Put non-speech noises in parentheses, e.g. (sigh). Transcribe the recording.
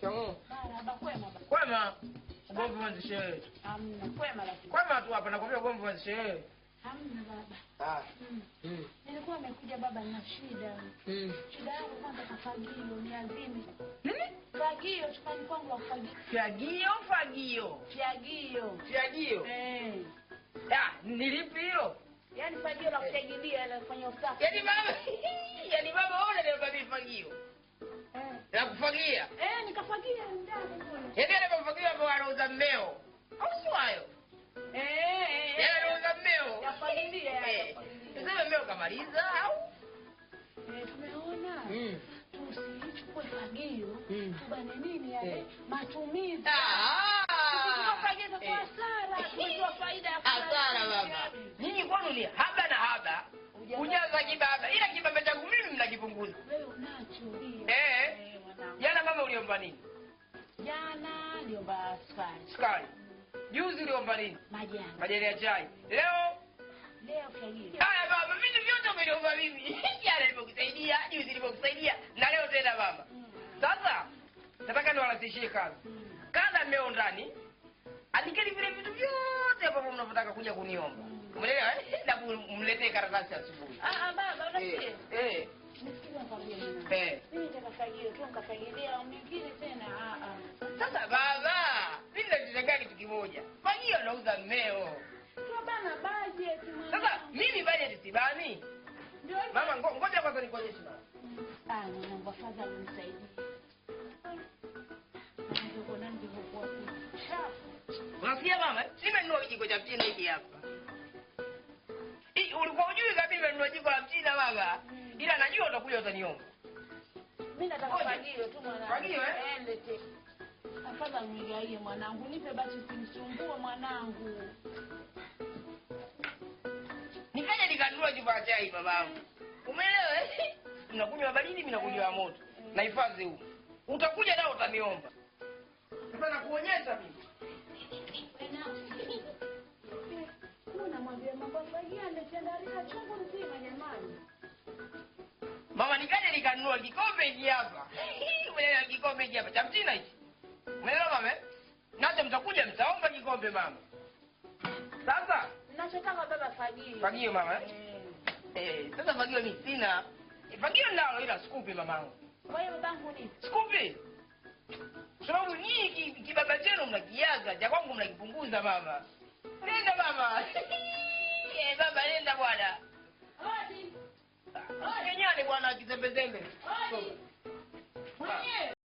Shikamoo. Kwema. Ugomvi uanze sherehe. Hamna. Kwema rafiki. Kwema tu hapa nakwambia ugomvi uanze sherehe. Hamna baba. Ah. Mm. Mm. Nilikuwa nimekuja baba na shida. Mm. Shida yangu kwanza kafagio ni azimi. Nini? Fagio chukani kwangu afagio. Fagio, fagio. Fagio. Fagio. Eh. Ah, nilipi hilo? Yaani fagio la kutegilia la kufanya usafi. Yaani baba, yaani baba wewe ndio fagio. Ulimfagia? Eh, nikafagia ndani mbona. Yeye alimfagia kwa alouza mmeo. Au sio hayo? Eh, eh. eh. Yeye alouza mmeo. Kafagilia. Eh. Sasa mmeo kamaliza au? Eh, tumeona. Mm. Tusichukue fagio. Mm. Tubane nini yale? Eh. Matumizi. Ah. Tusichukue kwa hasara. Tumeitoa faida ya hasara baba. Nini kwani haba na haba. Ujaza kibaba. Ila kibaba uliomba nini? Jana niomba sukari. Sukari. Juzi uliomba nini? Majani. Majani ya chai. Leo? Leo fagili. Haya baba, vitu vyote umeniomba mimi. (laughs) Jana nilipokusaidia, juzi nilipokusaidia na leo tena baba. Mm. Sasa nataka niwarahisishie kazi. Mm. Kaza mmeo ndani. Andikeni vile vitu vyote ambavyo mnavyotaka kuja kuniomba. Mm. Umeelewa eh? (laughs) Na mletee karatasi asubuhi. Ah ah baba, unasikia? Eh. eh. Nisikiza kwa mimi. Eh. Mimi nitakafagilia tu nikafagilia au mimi sasa baba, mimi nachocheka kitu kimoja, Kwa hiyo anauza mmeo. Bana budget mwana. Sasa mimi budget sibani. Mama, ngoja kwanza nikuonyeshe mama. Ah, naomba fadhali unisaidie. Unasikia mama? Nimenunua kijiko cha mchina hiki hapa. Ulikuwa hujui kabisa nimenunua jiko la mchina baba. Mm. Ila najua utakuja utaniomba. Mimi nataka fagio tu mwana. Fagio eh? Afadhali unigaie mwanangu, nipe basi, usimsumbue mwanangu. Nikaja nikandua kifaa chai babangu, umeelewa? Eh? (laughs) Mnakunywa baridi, mimi nakunywa eh. moto. huu, utakuja nao utaniomba. Sasa nakuonyesha mimi mama, nikaja nikanunua kikombe hiki hapa, (laughs) kikombe hiki hapa cha mtina hiki wote mtakuja mtaomba kikombe mama. Sasa ninachotaka baba fagio. Fagio mama eh? Eh, eh sasa fagio mimi sina. Eh, fagio nalo ila skupi mamangu. Kwa hiyo babangu ni skupi. Sababu nyinyi kibaba chenu mnakiaga, cha kwangu mnakipunguza mama. Nenda mama. (laughs) Eh, baba nenda bwana. Hodi. Hodi. Ah, Nyani bwana kizembezembe. Hodi.